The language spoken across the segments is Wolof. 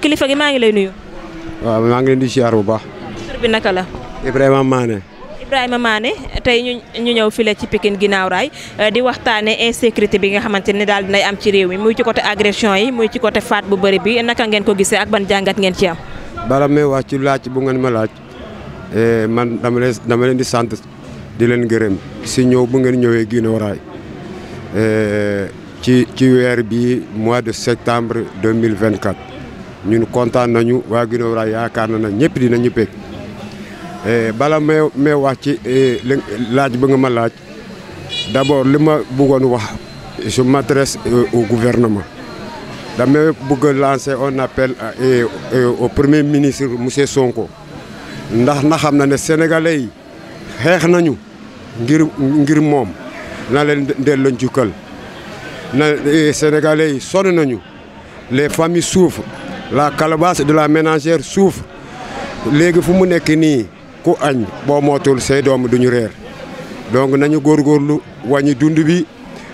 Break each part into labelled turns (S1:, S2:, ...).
S1: kilifa gi maa ngi lay nuyu.
S2: waaw maa ngi leen di siyaar bu baax. tur bi naka la. Ibrahima Mané.
S1: Ibrahima Mané tey ñu ñu ñëw file ci pikin ginnaaw raay euh, di waxtaanee insécurité bi nga xamante ne daal dinay am ci réew mi muy ci côté agression yi muy ci côté faat bu bëri bi naka ngeen ko gisee ak ban jàngat ngeen ci am.
S2: bala may wax ci laaj bu ngeen ma laaj eh, man dama leen dama leen di sant di leen gërëm si ñëw bu ngeen ñëwee ginnaaw raay eh, ci ci weer bi mois de septembre 2024 ñun kontaan nañu waa Guinaw Rail yaakaar na na ñëpp dinañu bég eh, bala may may wax ci eh, laaj ba nga ma laaj d'abord li ma bëggoon wax je m'adresse eh, au gouvernement damay bëgg lancer un appel au premier ministre monsieur Sonko ndax na na ne sénégalais yi xeex nañu ngir moom na leen delloo njukkal na sénégalais yi sonn nañu les familles souffrent la calebasse de la ménagère souffre léegi fu mu nekk nii ku añ boo mootul say doom duñu reer donc nañu góor góorgóorlu ñu dund bi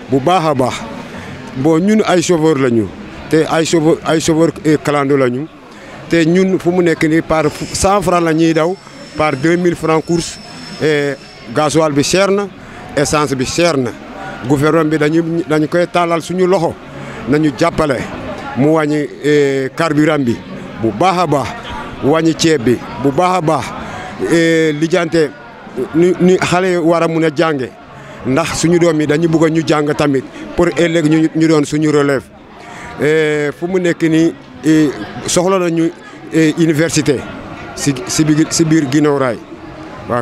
S2: bu baax a baax bon ñun ay chauffeur lañu te ay chauffeur ay chauffeur clando lañu te ñun fu mu nekk nii par cent franc la ñuy daw par deux mille franc course et gasoil bi cher na essence bi cher na gouvernement bi dañu dañu koy tàllal suñu loxo nañu jàppale. mu wàññi eh, carburant bi bu baax a baax wàññi ceeb bi bu baax a baax eh, lijjante ni ni xale war a mun a jànge ndax suñu doom yi dañu bëgg ñu jàng tamit pour ëllëg ñu ñu doon suñu relève eh, fu mu nekk nii soxla nañu université si si biir si biir Guinaw Rail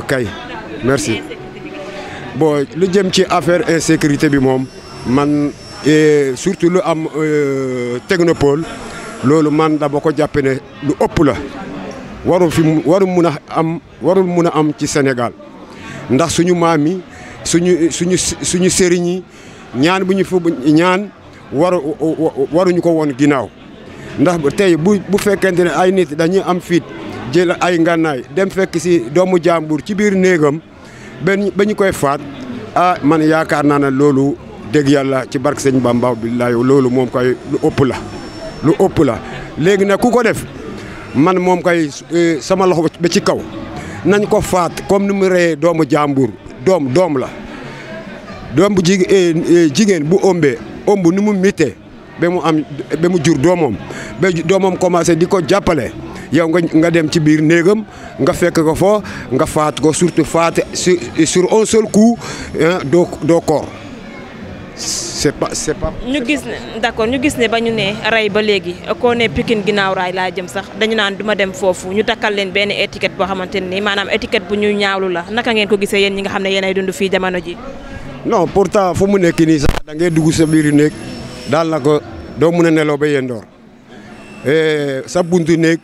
S2: kay merci bo lu jëm ci affaire insécurité bi moom man. surtout lu am euh, technopole loolu man dama ko jàppe ne lu ëpp la warul fi warul mun a am warul mun a am ci senegal ndax suñu maam yi suñu suñu suñu sëriñ ñaan bu ñu fu ñaan waru waruñu ko woon ginnaaw ndax tey bu bu fekkente ne ay nit dañuy am fiit jël ay ngànnaay dem fekk si doomu jàmbur ci biir néegam benn ba koy faat ah man yaakaar naa ne loolu dëgg yàlla ci barke sëñ Bamba billaay loolu moom kay lu ëpp la lu ëpp la léegi nag ku ko def man moom kay euh, sama loxo ba ci kaw nañ ko faat comme ni mu reyee doomu jàmbur doom doom la doom bu ji euh, euh, jigéen bu ombee omb nu mu mittee ba mu am ba mu jur doomam ba doomam commencé di ko jàppale yow nga nga dem ci biir néegam nga fekk ko foo nga faat ko surtout faat sur un seul coup doo doo koor c'est pas c'est pas.
S1: ñu gis ne d'accord ñu gis ne ba ñu ne rey ba léegi koo ne Pikine ginnaaw raay laa jëm sax dañu naan duma dem foofu ñu takkal leen benn étiquette boo xamante ne nii maanaam étiquette bu ñu ñaawlu la naka ngeen ko gisee yéen ñi nga xam ne yéenay dund fii jamono ji
S2: non pourtant fu mu nekk nii sax da ngay dugg sa biir néeg daal na ko doo mun a neloo ba yéen door e, sa buntu néeg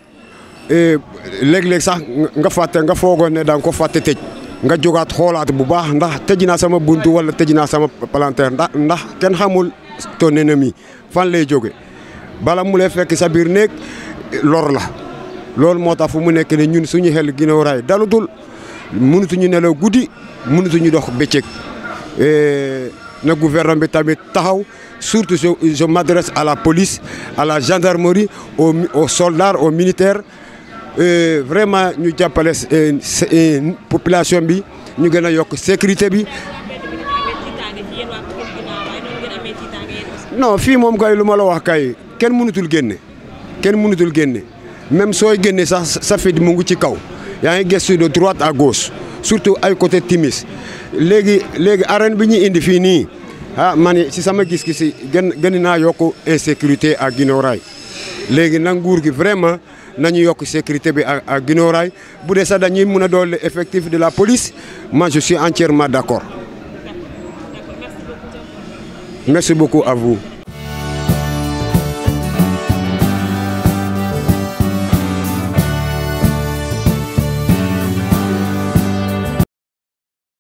S2: e, léeg-léeg sax nga fàtte nga foogoon ne da nga ko fàtte tëj. nga jógaat xoolaat bu baax ndax tëj naa sama buntu wala tëj naa sama palanteer ndax ndax kenn xamul ton ennemi fan lay jóge bala mu lay fekk sa biir néeg lor la loolu moo tax fu mu nekk ne ñun suñu xel ginnaaw raay dalutul mënutuñu nelaw guddi mënutuñu dox bëccëg eh, na gouvernement bi tamit taxaw surtout je m'adresse à la police à la gendarmerie aux aux soldats aux militaires Euh, vraiment ñu jàppale euh, euh, population bi ñu gën a yokk sécurité bi. non fii moom kay lu ma la wax kay kenn mënutul génne kenn mënutul génne même sooy génne sa safit mu ngi ci kaw yaa ngi gëstu de droite à gauche surtout ay côté timis léegi léegi arène bi ñu indi fii nii ah man si sama gis-gis gën gën naa yokk insécurité ak Guinaw Rail léegi nag gi vraiment. nañu yokk sécurité bi a Guinaw-Rail bu dee sax dañuy mën a doole effectif de la police moi je suis entièrement d'accord merci beaucoup à vous